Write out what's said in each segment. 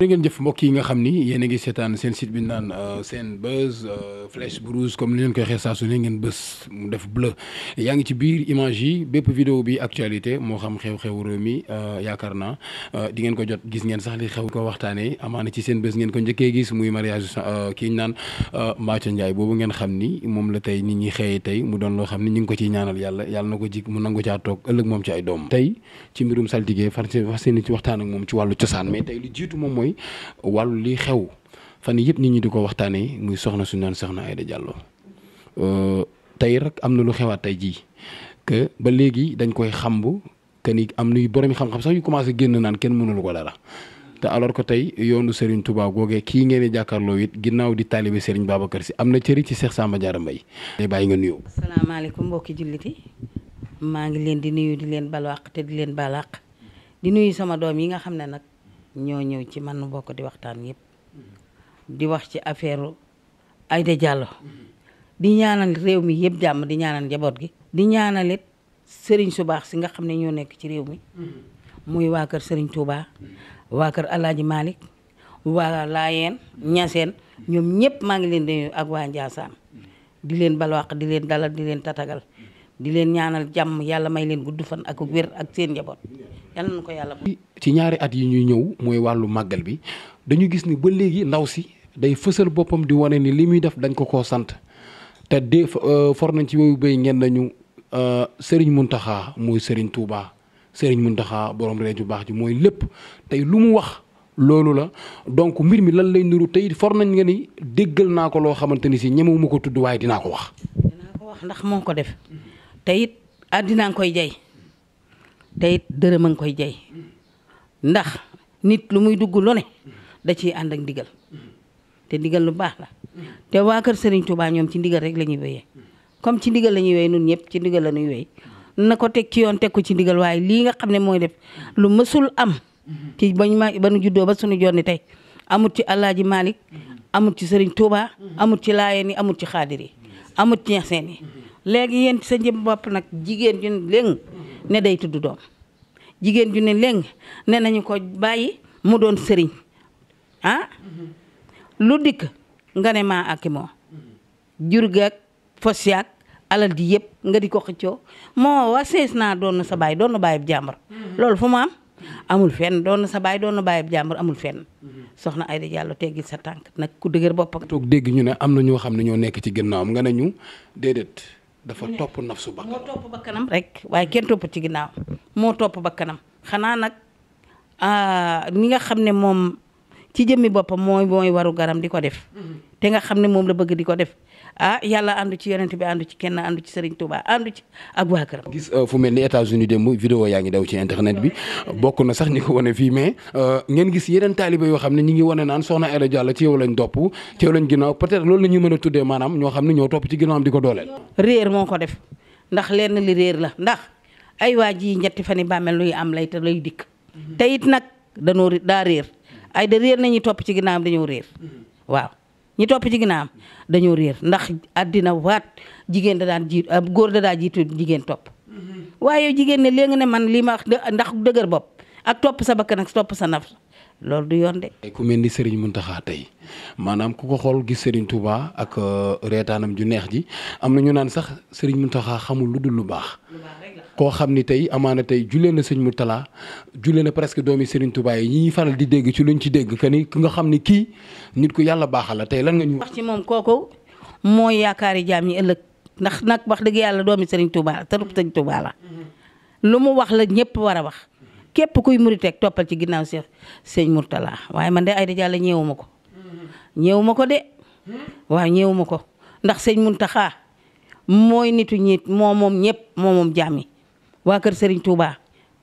jërë ngeen jëf mbokk yi nga xam ni yéen a ngi seetaan seen site bi naan euh, seen buzz flèche bu rouge comme ni leen koy waxee saa su ne ngeen bës mu def bleu yaa ngi ci biir image yi bépp vidéo bi actualité moo xam xew-xew réew mi euh, yaakaar naa euh, di ngeen ko jot gis ngeen sax li xew ko waxtaanee amaana ci seen bës ngeen ko njëkkee gis muy mariage kii ñu naan Mbathio Ndiaye boobu ngeen xam ni moom la tey nit ñi xëyee tey mu doon loo xam ni ñu ngi ko ciy ñaanal yàlla yàlla na ko jik mu nangu caa toog ëllëg moom ci ay doom tey ci moom ci wàllu cosaan mooy wàllu li xew fan yëpp nit ñi di ko waxtaanee muy soxna suñu naan soxna Aïda Diallo euh, tey rek am na lu xewaat tey jii que ba léegi dañ koy xambu que ni am nuy borom xam-xam sax yu commencé génn naan kenn mënul ko dara. te alors que tey yoonu Serigne Touba googee kii ngeen di jàkkaarloo it ginnaaw di taalibe Serigne Babacar Sy am na cëri ci Cheikh Samba Diarra Mbaye. day bàyyi nga nuyoo. asalaamaaleykum mbokki julliti maa ngi leen di nuyu di leen balwaq te di leen balaq ñoo ñëw ci man bokk di waxtaan yëpp di wax ci affaire Aïda Diallo di ñaanal réew mi yëpp jàmm di ñaanal njaboot gi di ñaanal it sëriñ su baax si nga xam ne ñoo nekk ci réew mi muy waa kër sëriñ Touba waa kër Alaaji Malick waa Laayeen Ñaseen ñoom ñëpp maa ngi leen di ak waa Njaasaan di leen balwaq di leen dalal di leen tatagal di leen ñaanal jàmm yàlla may leen gudd fan ak wér ak seen njaboot yal nañu ko yàlla. ci ñaari at yi ñuy ñëw mooy wàllu màggal bi dañu gis ni ba léegi ndaw si day fësal boppam di wane ni li muy def dañ ko koo sant te de euh, for nañ ci woyu béy ngeen nañu euh, Serigne Mountakha mooy Serigne Touba Serigne Mountakha borom ree ju baax ji mooy lépp tey lu mu wax. loolu la donc mbir mi lan lay nuru tey for nañ nga ni déggal naa ko loo xamante ni si ñemewuma ko tudd waaye dinaa ko wax. dinaa ko wax ndax moo ko def. te it àddinaa ngi koy jay te it dërëm a ngi koy jay ndax nit lu muy dugg lu ne da ciy ànd ak ndigal te ndigal lu baax la te waa kër Serigne Touba ñoom ci ndigal rek la ñuy wéyee comme ci ndigal la ñuy wéy nun ñëpp ci ndigal la ñuy wéy na ko teg ci yoon teg ko ci ndigal waaye lii nga xam ne mooy def lu mësul am ci bañ ba nu juddoo ba suñu jonni tey amut ci Alaaji Malick amut ci sëriñ Touba amut ci Laayeen yi amut ci xaadir yi amut ci ñaseen léegi yéen sa njëm bopp nag jigéen ju ne léng ne day tudd doom jigéen ju ne léng ne nañu ko bàyyi mu doon sëriñ ah lu dikk nga ne maa ak moo jur gaag fos yaag alal di yëpp nga di ko xëccoo moo wa naa doon na sa baay doon na baayab jàmbur loolu fu mu am amul fenn doon na sa baay doon na baayab jàmbur amul fenn soxna Aida Diallo teggil sa tànk nag ku dëgër boppam. toog dégg ñu ne am na ñoo xam ne ñoo nekk ci ginnaawam nga ne ñu déedéet. dafa topp su bakkanam moo topp bakkanam rek waaye kenn topp ci ginnaaw moo topp bakkanam xanaa nag mi ah, nga xam ne moom ci jëmmi boppam mooy mooy waru garam di ko def mm-hmm. te nga xam ne moom la bëgg di ko def ah yàlla àndu ci yonent bi àndu ci kenn àndu ci Serigne Touba àndu ci ak waa këram. gis euh, fu mel ni États-Unis démb vidéo yaa ngi daw ci internet bi bokk na sax ñi ko wane fii mais euh, ngeen gis yeneen taalibe yoo xam ne ñu ngi wone naan soxna Aida Diallo ci yow lañ topp ci yow lañ ginnaaw peut-être loolu la ñuy mën a tuddee maanaam ñoo xam ne ñoo topp ci ginnaawam di ko dooleel. réer moo ko def ndax lenn li réer la ndax ay waa ji ñetti fan yi bàmmeel luy am lay te lay dikk mhm. te it nag danoo daa réer ay da réer nañuy topp ci ginnaawam dañoo réer mhm. waaw ñi topp ci ginnaawam dañoo réer ndax àddina waat jigéen da daan jiit euh, góor da daa jiitu jigéen topp. Mm-hmm. waaye jigéen ne léegi ne man lii ma wax ndax dëgër bopp ak topp sa bakkan topp sa naf loolu du yoon de. ku mel ni Serigne Mountakha tey maanaam ku ko xool gis Serigne Touba ak euh, reetaanam ju neex ji am na ñu naan sax Serigne Mountakha xamul lu dul lu baax. koo xam ni tey amaana tey jullee na sëñ Mourtala jullee na presque doomi Serigne Touba yi ñi ñuy faral di dégg ci luñ ci dégg que ni ki nga xam ni kii nit ku yàlla baaxal la tey lan nga ñu. wax ci moom kooku mooy yaakaari jaam ñi ëllëg ndax nag wax dëgg yàlla doomi Serigne Touba la tërub sëñ Touba lu mu wax la ñëpp war a wax képp kuy murit rek toppal ci ginnaaw si sëñ Mourtala waaye man de Aïda Diallo ñeewuma ko. ñeewuma ko de waaw ñeewuma ko ndax sëñ Mountakha waa kër sëriñ Touba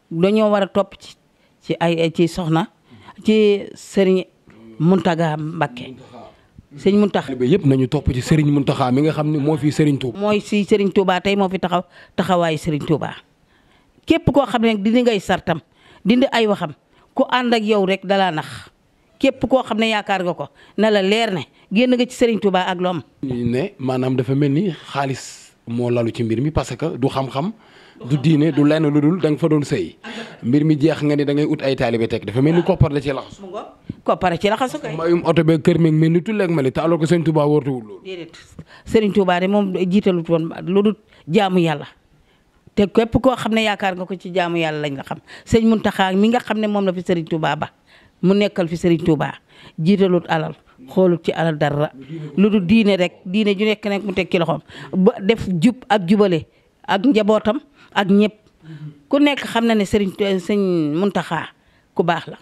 dañoo war a topp ci ci ay ci soxna ci Serigne Mountaga Mbacké sëñ Mountakha ba yëpp nañu topp ci Serigne Mountakha mi nga xam ni moo fi Serigne Touba. mooy si Serigne Touba tey moo fi taxaw taxawaayu Serigne Touba képp koo xam ne dindi ngay sartam dindi ay waxam ku ànd ak yow rek dalaa nax képp koo xam ne yaakaar nga ko na la leer ne génn nga ci sëriñ Touba ak lom maanaam dafa mel ni xaalis. moo lalu ci mbir mi parce que du xam-xam du diine du lenn lu dul da nga fa doon sëy mbir mi jeex nga ni da ngay ut ay taalibe teg dafa mel ni koppar da ci laxas koppar ci laxasu kay mayum oto beeg kër meeg mel ni tulleeg mali te alors ko Sëriñ Touba wóortuwul loolu déedéet Sëriñ Touba de moom jiitalut woon lu dul jaamu yàlla te képp koo xam ne yaakaar nga ko ci jaamu yàlla lañ nga xam sëñ mun Muntaxa mi nga xam ne moom la fi Sëriñ Touba ba mu nekkal fi Sëriñ Touba jiitalut alal xoolut ci alal dara lu du diine rek diine ju nekk nag mu teg ci loxoom ba def jub ak jubale ak njabootam ak ñépp ku nekk xam na ne sëriñ sëñ Muntaxa ku baax la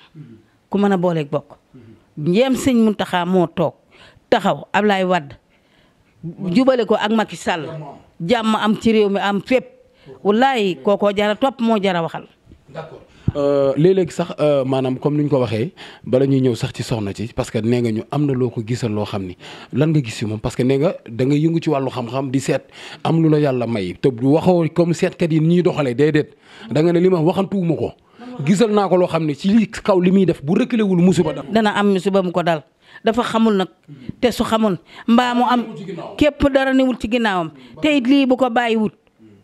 ku mën a booleeg bokk njeem sëñ Muntaxa moo toog taxaw Ablaay Wadd jubale ko ak Macky Sall jàmm am ci réew mi am fépp wallaay kookoo jara topp moo jara waxal Euh, léeg-léeg sax euh, maanaam comme ni ñu ko waxee bala ñuy ñëw sax ci soxna ci parce que nee nga ñu am na loo ko gisal loo xam ni lan nga gis ci moom parce que nee nga da nga yëngu ci wàllu xam-xam di seet am lu la yàlla may te waxoo comme seetkat yi ñuy doxalee déedéet da nga ne li ma waxantuwuma ko gisal naa ko loo xam ne ci li kaw li muy def bu reculé wul musiba dal dana am musiba mu ko dal dafa xamul nag te su xamul mbaa mu am képp dara newul ci ginnaawam te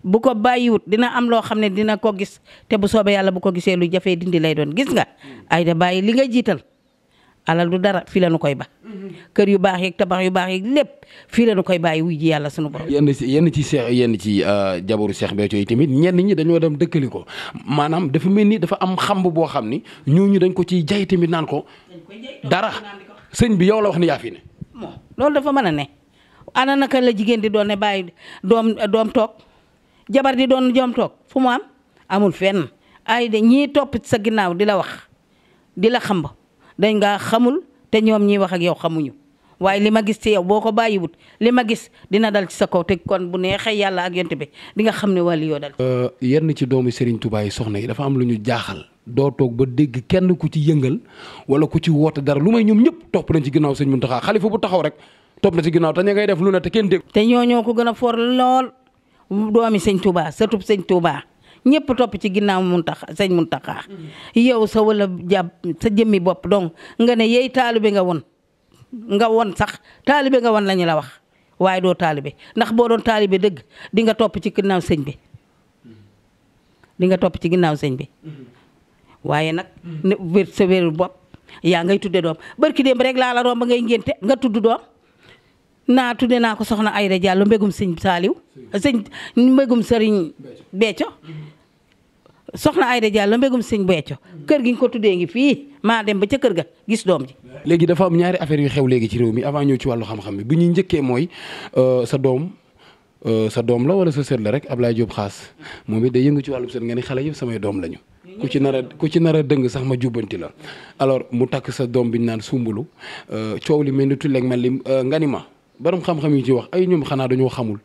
bu ko bàyyiwut dina am loo xam ne dina ko gis te bu soobee yàlla bu ko gisee lu jafee dindi lay doon gis nga. Mm. ay da bàyyi li nga jiital alal du dara fii la nu koy ba. Mm-hmm. kër yu baax yeeg tabax yu baax yeeg lépp fii la nu koy bàyyi wuy ji yàlla sunu borom. yenn ci yenn ci seex yenn ci euh, jabaru seex bee yi tamit ñenn ñi dañoo dem dëkkali ko maanaam dafa mel ni dafa am xamb boo xam ni ñooñu dañ ko ciy jay tamit naan ko. dara sëñ bi yow la wax ni yaa ne. loolu dafa mën a ne ana naka la di doon bàyyi doom doom toog. jabar di doon jom toog fu mu am amul fenn ay de ñii topp sa ginnaaw di la wax di la xamb dañ ngaa xamul te ñoom ñiy wax ak yow xamuñu waaye li ma gis ci yow boo ko bàyyiwut li ma gis dina dal ci sa kaw te kon bu neexee yàlla ak yonte bi di nga xam ne wàllu yoo dal. Euh, yenn ci doomu Serigne Touba yi soxna yi dafa am lu ñu jaaxal doo toog ba dégg kenn ku ci yëngal wala ku ci woote dara lu may ñoom ñëpp topp nañ ci ginnaaw sëñ Mountakha xalifa bu taxaw rek topp na ci ginnaaw te def lu kenn doomi sëñ Touba sëtub sëñ Touba ñëpp topp ci ginnaaw Muntaxa sëñ Muntaxa yow sa wala jàpp sa jëmmi bopp donc nga ne yeey taalibe nga won nga won sax taalibe nga won lañu la wax waaye doo taalibe ndax boo doon taalibe dëgg di nga topp ci ginnaaw sëñ bi di nga topp ci ginnaaw sëñ bi waaye nag wér sa wérul bopp yaa ngay tudde doom barki démb rek laa la romb ngay ngénte nga tudd doom naa tudde naa ko soxna Ayda Diallo mbegum sëñ Saaliw sëñ mbegum sëriñ Becco soxna Ayda Diallo mbégum sëñ Becco kër gi ñu ko tuddee ngi fii maa dem ba ca kër ga gis doom ji léegi dafa am ñaari affaire yu xew léegi ci réew mi avant ñëw ci wàllu xam-xam bi bu ñuy njëkkee mooy euh, sa doom euh, sa doom la wala sa sët la rek Ablaye Diop xaas moom it day yëngu ci wàllu sët nga ni xale yëpp samay doom lañu ku ci nar a ku ci nar dëng sax ma jubbanti la alors mu takk sa doom bi naan sumbulu euh, coow li mel li nga borom xam-xam yi ci wax ay ñoom xanaa dañoo xamul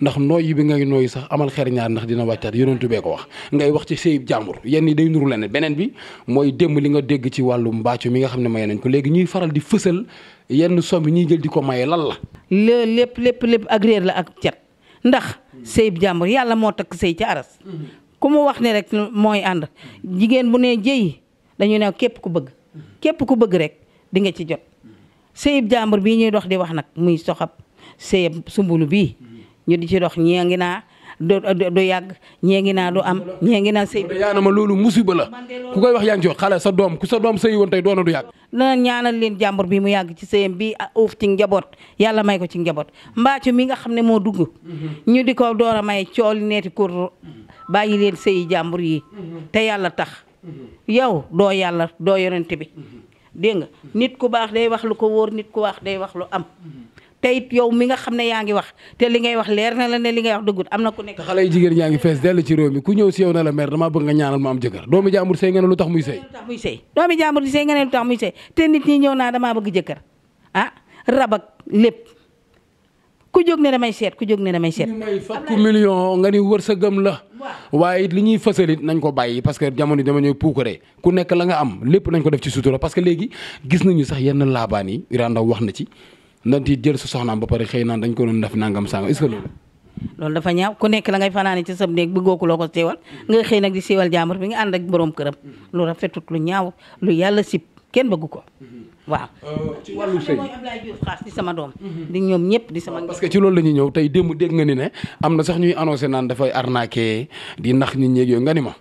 ndax yi bi ngay nooyi sax amal xer ñaar ndax dina wàccaat yonentu bee ko wax ngay wax ci sëyib jàmbur yenn yi day nuru leneen beneen bi mooy démb li nga dégg ci wàllu mbàccu mi nga xam ne maye nañ ko léegi ñuy faral di fësal yenn som yi ñuy jël di ko maye lan la lépp lépp lépp ak réer la ak cat ndax sëyib jàmbur yàlla moo takk sëy ci aras ku mu wax ne rek mooy ànd jigéen bu nee jëy dañu ne képp ku bëgg képp ku bëgg rek di nga ci jot sëyib jàmbur bii ñuy dox di wax nag muy soxab sëyib sumbulu bii ñu di ci dox ñee ngi naa du yàgg ñee ngi naa du am ñee ngi naa sëy yaana ma loolu musiba la ku koy wax yaa ngi sa doom sa doom sëy woon tey du yàgg ñaanal leen jàmbur bi mu yàgg ci sëyam a uuf ci njaboot yàlla may ko ci njaboot mbaacu mi nga xam ne moo dugg mhm. ñu di ko door a may cooli neeti kur bàyyi leen sëyi jàmbur yi mhm. te yàlla tax mhm. yow doo yàlla doo yonent bi dégg nga nit ku baax day wax lu ko wóor nit ku baax day wax lu am. te it yow mi nga xam ne yaa ngi wax te li ngay wax leer na la ne li ngay wax dëggut am na ku nekk. te xale yu jigéen ñaa ngi fees dell ci réew mi ku ñëw si yow na la mer damaa bëgg nga ñaanal ma am jëkkër doomi jàmbur sëy nga ne lu tax muy sëy. tax muy sëy doomi jàmbur di sëy nga ne lu tax muy sëy te nit ñi ñëw naa damaa bëgg jëkkër ah rabak lépp ku jóg ne damay seet ku jóg ne damay seet. may million nga ni wërsëgam la. waaye it li ñuy fësalit nañ ko bàyyi parce que jamono dama ñëw puukare ku nekk la nga am lépp nañ que ba pare xëy naan dañ ko doon def nangam sangam est-ce que loolu. loolu dafa ñaaw ku nekk la ngay fanaane ci sab néeg bëggoo ko loo ko séewal nga xëy nag di séewal jàmbur bi nga ànd ak borom këram lu rafetut lu ñaaw lu yàlla sib kenn bëgg ko mm-hmm. waaw euh, ci wàllu sëy mooy di sama doom mhm. di ñoom ñëpp di sama parce que ci loolu la ñuy ñëw tey démb dégg nga ni ne am na sax ñuy annoncé naan dafay arnaqué di nax nit ñeeg nga ni ma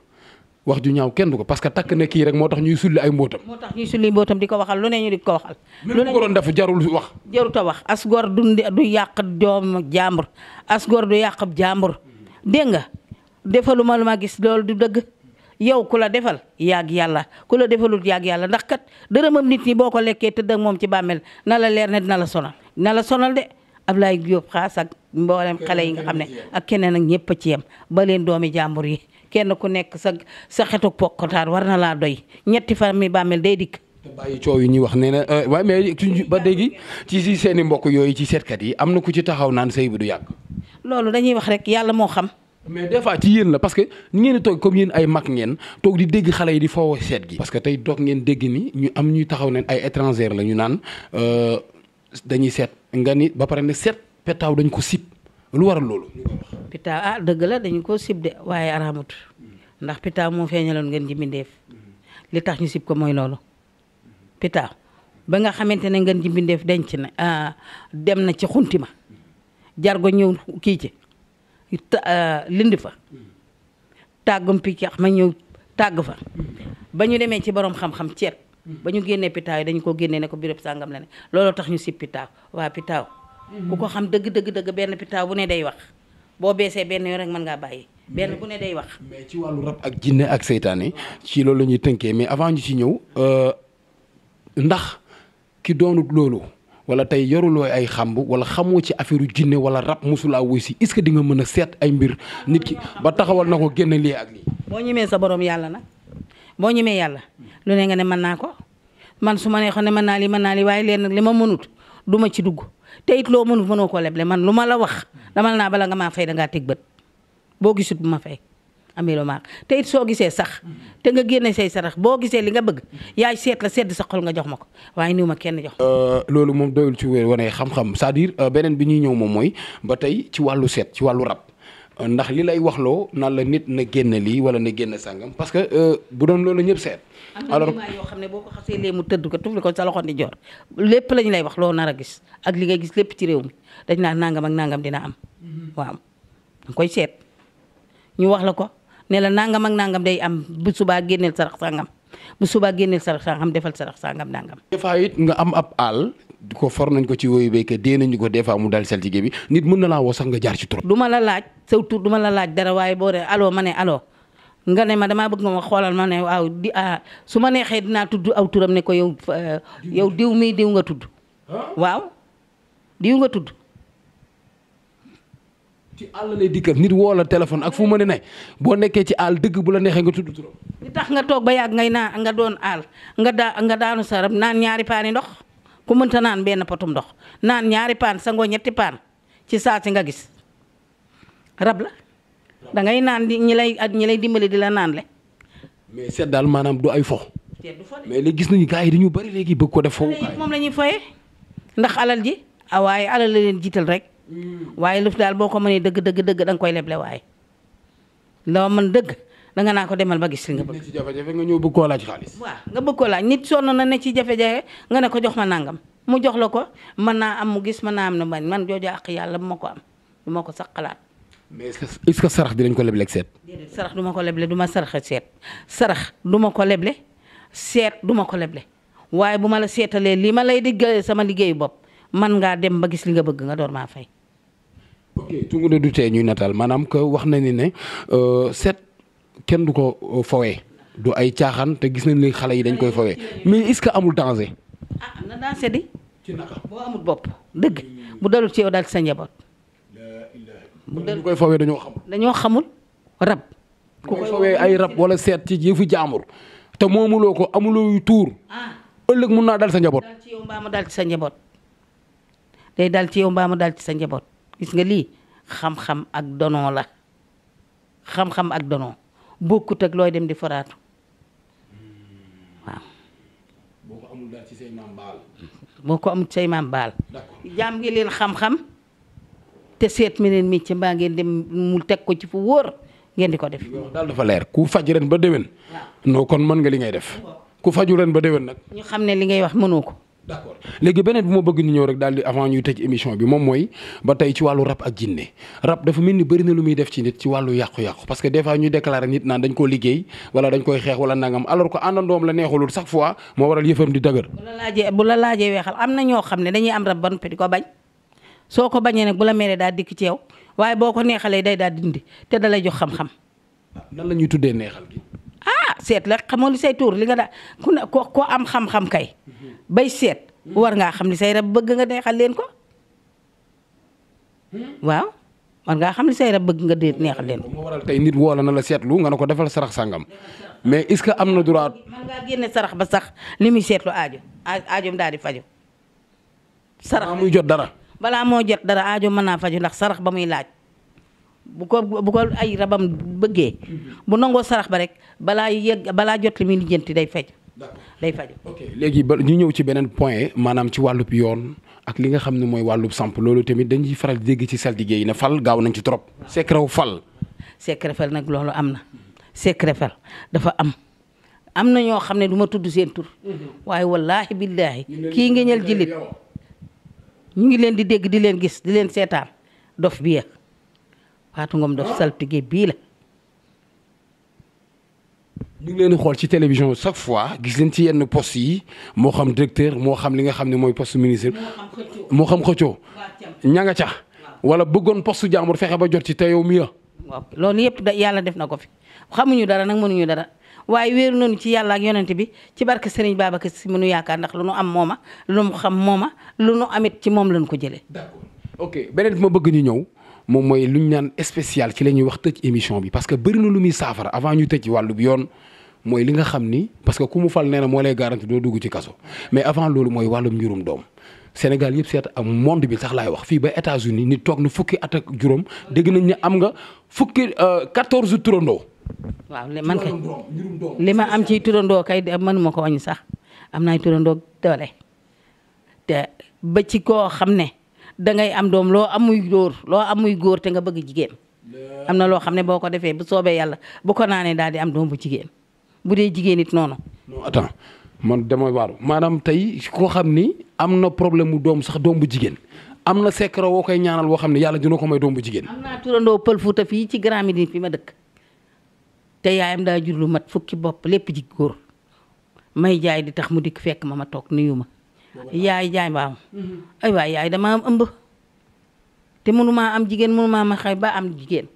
wax ju ñaaw kenn du ko parce que takk na kii rek moo tax ñuy sulli ay mbootam moo tax ñuy sulli mbootam di ko waxal lu ne ñu di ko waxal lu ne ko doon def jarul wax jarut a wax as góor du du yàq doom jàmbur as góor du yàq jàmbur mhm. dégg nga defaluma lu ma gis loolu du dëgg yow ku la defal yàgg yàlla ku la defalut yàgg yàlla ndax kat dërëmam nit ñi boo ko lekkee tëdd ak moom ci bàmmeel na la leer ne dina la sonal na la sonal de Ablaye Diop xaas ak mboolem xale yi nga xam ne ak keneen ak ñëpp a ci yem ba leen doomi jàmbur yi kenn ku nekk sa sa xetuk pokkataan war na laa doy ñetti fan mi bàmmeel day dikk coow yi ñuy wax nee na euh, waaye mais ba léegi ci si seen i mbokk yooyu ci seetkat yi am na ku ci taxaw naan sëy bi du yàgg mais des fois ci yéen la parce que ni ngeen di toog comme yéen ay mag ngeen toog di dégg xale yi di foofu seet gi. parce que tey toog ngeen dégg ni ñu am ñuy taxaw neen ay étranger la ñu naan euh, dañuy seet nga ni ba pare ne seet petaaw dañ ko sib lu waral loolu. petaaw ah dëgg la dañu ko sib de waaye araamut ndax petaaw moo feeñaloon ngeen ji mbindeef li tax ñu sib ko mooy loolu petaaw ba nga xamante ne ngeen ji mbindeef denc na ah, dem na ci xunti ma jargo ñëw kii ci Euh, lindi fa tàggum piccax ma ñëw tàgg fa ba ñu demee ci borom xam-xam ceet ba ñu génnee pitaaw yi dañu ko génnee ne ko béréb sàngam la ne looloo tax ñu si pitaaw waa pitaaw ku ko xam dëgg dëgg benn pitaaw bu ne day wax boo beesee benn yoon rek mën ngaa bàyyi benn bu ne day wax ci wàllu rab ak jinne ak seytaane ci loolu la tënkee mais avant ñu ci ñëw euh, ndax ki doonut loolu wala tey yoruloo ay xamb wala xamoo ci affaire u jinne wala rab mosulaa wuy si est-ce que di mën a seet ay mbir nit ki ba taxawal na ko génn lii ak lii. boo ñemee sa borom yàlla nag boo ñemee yàlla lu ne nga ne mën naa ko man su ma neexoon ne mën naa lii mën naa lii waaye leen li ma mënut duma ci dugg te it loo mënut mënoo ko leble man lu ma la wax damal naa bala nga maa fay dangaa teg bët boo gisut bu ma fay. amee maak te it soo gisee sax te nga génne say sarax boo gisee li nga bëgg yaay seet la sedd sa xol nga jox ma ko waaye niw ma kenn jox euh, loolu moom doyul ci wér wane xam-xam à euh, beneen bi ñuy ñëw moom mooy ba tey ci wàllu seet ci wàllu rab euh, ndax li lay waxloo naan la nit na génn lii wala na génn sàngam parce que bu doon loolu ñëpp seet. alors am xam ne boo mu tëdd ko tufli ko sa loxo di joor lépp lañ lay wax loo nar a gis ak li ngay gis lépp ci réew mi dañ naan nangam ak nangam dina am. Mhm. waaw danga koy seet ñu wax la ko ne la nangam ak nangam day am bu subaa génneel sarax sangam bu subaa génneel sarax sangam defal sarax sangam nangam. des fois it nga am ab àll ko for nañ ko ci woyu béykat dee nañu ko des fois mu dal saltige bi nit mun na laa woo sax nga jaar ci trop. duma la laaj saw tur du la laaj dara waaye boo dee aloo ma ne allo nga ne ma damaa bëgg nga xoolal ma ne waaw di ah su ma neexee dinaa tudd aw turam ne ko yow euh, yow diw mii diw nga tudd. waaw diw nga tudd. ci àll lay dikkal nit woo la téléphone ak fu ma mën a boo nekkee ci àll dëgg bu la neexee nga tudd turam. li tax nga toog ba yàgg ngay naan nga doon àll nga daa nga daanu sarab naan ñaari paani ndox ku mënta naan benn potum ndox naan ñaari paan sangoo ñetti paan ci saa si nga gis rab la dangay naan di ñi lay ñi lay dimbali di la naan le mais seet daal maanaam du ay fo. mais léegi gis nañu gars yi dañu bari léegi bëgg ko def. foofu moom la ñuy foyee ndax alal ji ah waaye alal la leen jiital rek. Mm. waaye lëf daal boo ko mënee dëgg dëgg dëgg danga koy leble waaye loo man dëgg danga naa ko demal ba gis li nga bëgg. ci jafe-jafe nga ñëw bëgg nga bëgg koo nit sonn na ne ci jafe-jafe nga ne ko jox ma nangam mu jox la ko mën naa am mu gis mën naa am na bañ man jooju àq yàlla bu ma ko am ma ko sax xalaat. mais est-ce ko leble du ma ko leble du ma sarax seet sarax du ma ko leble seet du ko leble waaye bu ma la seetalee li ma lay diggalee sama liggéeyu bopp man ngaa dem ba gis li nga bëgg nga door maa fay ok Tounkara du tee ñuy nataal maanaam que wax na ni ne euh, set kenn du ko euh, fowee du ay caaxaan te gis na ni xale yi dañ koy fowee mais que amul danger. ah am na danger di. ci koy fowee dañoo xamul. dañoo xamul rab. ku koy fowee ay rab wala seet ci yëfu jaamur te moomuloo ko amuloo tuur. Ah. ëllëg mun naa dal sa njaboot. ci yow dal ci sa day dal ci yow mbaa mu dal ci sa njaboot. gis nga lii xam-xam ak dono la xam-xam ak donoo bokkut ak looy dem di foraatu waaw. boo ko amul daal ci say maam baal. jaam ngi leen xam-xam te seet meneen mi ci mbaa ngeen dem mu teg ko ci fu wóor ngeen di ko def. daal dafa leer ku faj ren ba déwén. noo kon mën nga li ngay def. ku faju ren ba déwén nag. ñu xam ne li ngay wax mënoo ko. d'accord léegi beneen bi ma bëgg ñu ñëw rek daal di avant ñuy tëj émission bi moom mooy ba tey ci wàllu rab ak jinne rab dafa mel ni bëri na lu muy def ci nit ci wàllu yàqu-yàqu parce que des fois ñu déclaré nit naan dañ koo liggéey wala dañ koy xeex wala nangam alors que àndandoom la neexulul sax fois moo waral yëfam di dëgër bu la laajee bu la laajee weexal am na ñoo xam ne dañuy am rab ba noppi di ko bañ soo ko bañee nag bu la meree daal dikk ci yow waaye boo ko day daal dindi te dalay jox xam-xam la ñuy tuddee neexal ah seet la xamoo li say tuur li nga da ku ne ko am xam-xam kay bay seet war ngaa xam li say rab bëgg nga neexal leen ko waaw war ngaa xam li say rab bëgg nga neexal leen ko. moo waral tey nit woo na la seetlu nga ne ko defal sarax sangam mais est-ce que am na droit. man ngaa génne sarax ba sax li muy seetlu aajo aajo daal di faju sarax muy jot dara. balaa moo jot dara aajo mën naa faju ndax sarax ba muy laaj. bu ko bu ko ay rabam bëggee bu nangoo sarax ba rek balaa yëg balaa jot li muy lijjanti day faj day faj léegi ba ñu ñëw ci beneen point maanaam ci wàllu yoon ak li nga xam ne mooy wàllu samp loolu tamit dañuy faral dégg ci saltige yi ne fal gaaw nañ ci trop secret fal secret fal nag loolu am na secret fal dafa am am na ñoo xam ne duma tudd seen tur mhm. waaye wallaahi billaahi kii ngeñal jilit ñu ngi leen di dégg di leen gis di leen seetaan dof bi Fatou Ngom Dof saltige bii la. ñu ngi leen di xool ci télévision chaque fois gis leen ci yenn post yi moo xam directeur moo xam li nga xam ne mooy poste ministre. moo xam xëccoo ña nga ca wala bëggoon poste jàmbur fexe ba jot ci te yow mi loolu yëpp da yàlla def na ko fi xamuñu dara nag mënuñu dara waaye wéeru nañu ci yàlla ak yonent bi ci barke Serigne Babacar si mënu yaakaar ndax lu nu am mooma lu nu xam mooma lu nu amit ci moom lañ ko jëlee. d'accord ok beneen bi ma bëgg ñu ñëw. moom mooy lu ñu naan spécial ci la ñuy wax tëj émission bi parce que barina lu muy saafara avant ñu tëj wàllu bi yoon mooy li nga xam ni parce que ku mu fal nee na moo lay garanti doo dugg ci kaso mais avant loolu mooy wàllum njurum doom Sénégal yëpp seet am monde bi sax laay wax fii ba États-Unis nit toog na fukki at juróom dégg nañ ne am nga fukki 14 euh, turandoo. waaw li man kay li ma am ci turandoo kay mënuma ko wañ sax am naay turandoo doole te ba ci koo xam ne. da ngay am doom loo amuy góor loo amuy góor te nga bëgg jigéen am na loo xam ne boo ko defee bu soobee yàlla bu ko naanee daal di am doom bu jigéen bu dee jigéen it noonu. non attends man dama waaru maanaam tey koo xam ni am na problème mu doom sax doom bu jigéen am na secret woo koy ñaanal woo xam ne yàlla dina ko may doom bu jigéen. am naa turandoo Pël Fuuta fii ci Grand Médine fi ma dëkk te yaayam daa jur lu mat fukki bopp lépp ji góor may jaay di tax mu dikk fekk ma ma toog nuyu ma. yaay jaay mbaaw ay waay yaay dama am ëmb te mënumaa am jigéen mënumaa ma xëy ba am jigéen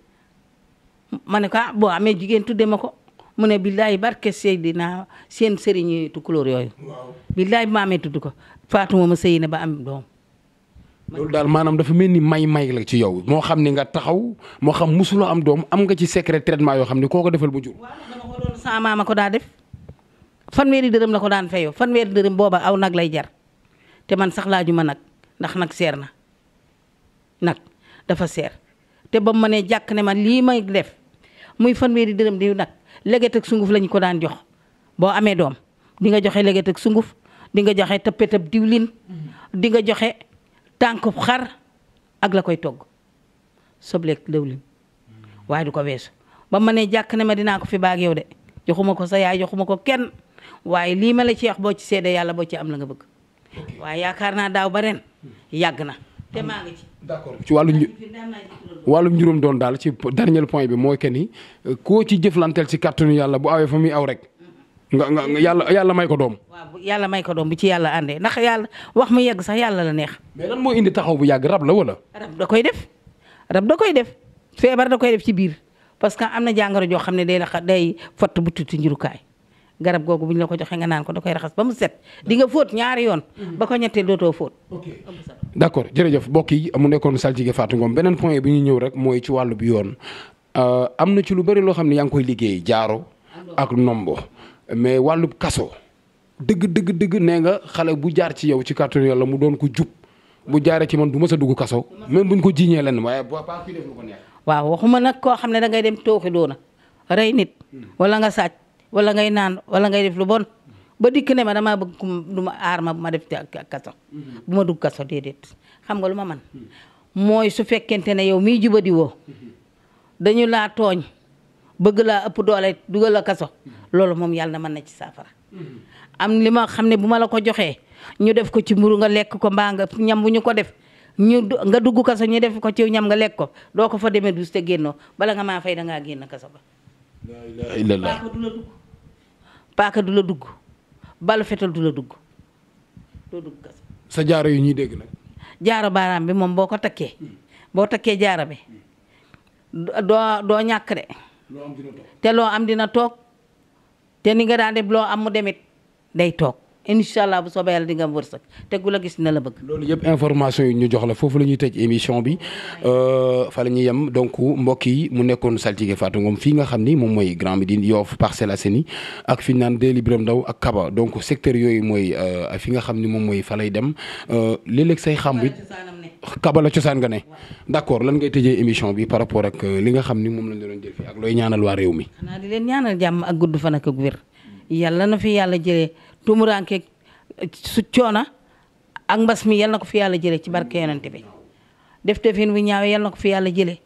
ma ne ko ah, boo amee jigéen tudde ma ko mu ne billaay barke Seydina seen sëriñ tukulóor yooyu billaay bu ma amee tudd ko faatuma ma sëy na ba am doom loolu daal maanaam dafa mel ni may may la ci yow moo xam ni nga taxaw moo xam musuloo am doom am nga ci secret traitement yoo xam ni koo ko defal bu jur dama ko ko daa def fanweeri dërëm la ko daan fayoo fanweeri dërëm booba aw nag lay jar te man sax laaju ma nag ndax nag seer na nag dafa seer te ba ma ne jàkk ne man lii may def muy fan fanweeri dërëm diw nag leget ak sunguf lañu ko daan jox boo amee doom di nga joxe leget ak sunguf di nga joxe tëppetab diwlin di nga joxe tànk xar ak la koy togg sobleeg diwlin waaye du ko weesu ba ma ne jàkk ne ma dinaa ko fi baag yow de joxuma ko sa yaay joxuma ko kenn waaye lii ma la ci wax boo ci seede yàlla boo ci am la nga bëgg waaye yaakaar naa daaw ba ren yàgg na te maa ngi ci. d'accord ci wàllu wàllum juróom doon daal ci dernier point bi mooy que ni euh, koo ci jëflanteel ci kàttanu yàlla bu awee fa muy aw rek. nga nga yàlla yàlla may ko doom. yàlla may ko doom bu ci yàlla àndee ndax yàlla wax mu yàgg sax yàlla la neex. mais moo indi taxaw bu yàgg rab la wala. rab da koy def rab da koy def feebar da koy def ci biir parce que am na jàngaro joo xam ne day la day fatt bu tuuti njurukaay. garab googu bu ñu la ko joxee nga naan ko da koy raxas ba mu set di fóot ñaari yoon mm-hmm. ba ko ñettee dootoo fóot d' accord jërëjëf mbokk yi mu nekkoon saltige Fatou Ngom beneen point bi ñu ñëw rek mooy ci wàllu bi yoon euh, am na ci lu bari loo xam ne yaa ngi koy liggéey jaaro ak nombo mais wàllu kaso dëgg dëgg dëgg nee nga xale bu jaar ci yow ci kàttanu yàlla mu doon ko jub bu jaaree ci man du mës a dugg kaso même buñ ko jiiñee leen waaye bu baax kuy def lu waxuma nag koo xam ne da ngay dem tooxi doona wala ngay naan wala ngay def lu bon ba dikk ne ma damaa bëgg ku du ma aar ma bu ma def ak kaso bu mm-hmm. ma dugg kaso déedéet xam nga lu ma man mooy su fekkente ne yow mii jubadi woo mm-hmm. dañu laa tooñ bëgg laa ëpp doole dugal la kaso mm-hmm. loolu moom yàlla mën na ci saafara am li ma xam ne bu ma la ko joxee ñu def ko ci mburu nga lekk ko mbaa nga ñam bu ñu ko def ñu nga dugg kaso ñu def ko ci ñam nga lekk ko doo ko fa demee dus te génnoo bala nga maa fay dangaa génn kaso ba paaka du la dugg balu fetal du la dugg doo dugg kaso sa jaaro yu ñuy dégg nag jaaro baaraam bi moom boo ko takkee boo takkee jaaro bi doo doo ñàkk de te loo am dina toog te ni nga daan def loo am mu demit day toog incha allah bu soobee yàlla di nga am wërsëg te ku la gis na la bëgg. loolu yëpp information yi ñu jox la foofu la ñuy tëj émission bi euh, fa la ñuy donc mbokk mu nekkoon saltige Fatou Ngom nga xam ni moom mooy Grand Médine Yoff Parcelles Assainies ak fi naan Déli Biram Ndaw ak mooy euh, fi nga xam ni moom mooy fa lay dem euh, léeg-léeg say xam bi Kaba la cosaan nga ne. d'accord lan ngay tëjee émission bi par rapport ak li nga xam ni moom lañ doon jël fii ak looy ñaanal waa réew mi. leen ñaanal jàmm ak gudd fan ak wér yàlla na fi yàlla jëlee tumuraankeeg su coona ak mbas mi yal na ko fi yàlla jële ci barke yonent bi def defin wu ñaaw yal na ko fi yàlla jële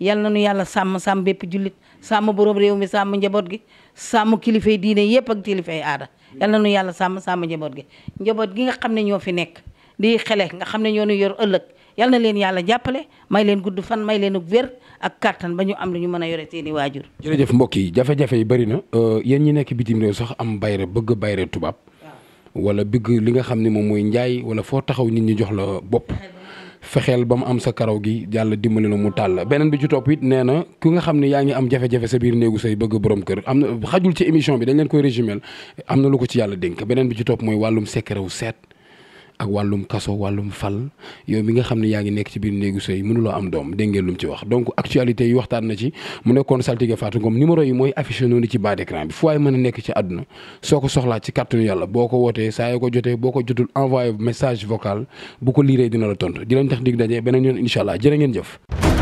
yal na nu yàlla sàmm sàmm bépp jullit sàmm borom réew mi sàmm njaboot gi sàmm kilifay diine yëpp ak kilifay aada yal na nu yàlla sàmm sàmm njaboot gi njaboot gi nga xam ne ñoo fi nekk di xele nga xam ne ñoo nu yor ëllëg yal na leen yàlla jàppale may leen gudd fan may leen ak wér ak kàttan ba ñu am lu mën a yore seeni waajur. jërëjëf mbokk yi jafe-jafe yi bëri na euh, yéen ñi nekk bitim réew sax am bayre bëgg bayre tubaab wala bëgg li nga xam ne moom mooy njaay wala foo taxaw nit ñi jox la bopp fexeel ba mu am sa karaw gi yàlla dimbali na mu tàll beneen bi ci topp it nee na ku nga xam ne yaa ngi am jafe-jafe sa biir néegu say bëgg borom kër am na xajul ci émission bi dañ leen koy résumel am na ko ci yàlla dénk beneen bi ci topp mooy wàllum seet ak wàllum kaso wàllum fal yow mi nga xam ne yaa ngi nekk ci biir néegu sëy mënuloo am doom dégg ngeen lu mu ci wax donc actualité yi waxtaan na ci mu nekkoon saltige Fatou Ngom numéro yi mooy affiché noonu ci bas d'écran bi fu waay mën a nekk ci àdduna soo ko soxlaa ci kàttanu yàlla boo ko wootee saa yoo ko jotee boo ko jotul envoyé message vocal bu ko liiree dina la tontu di leen tax dig dajee beneen yoon incha allah jërë ngeen jëf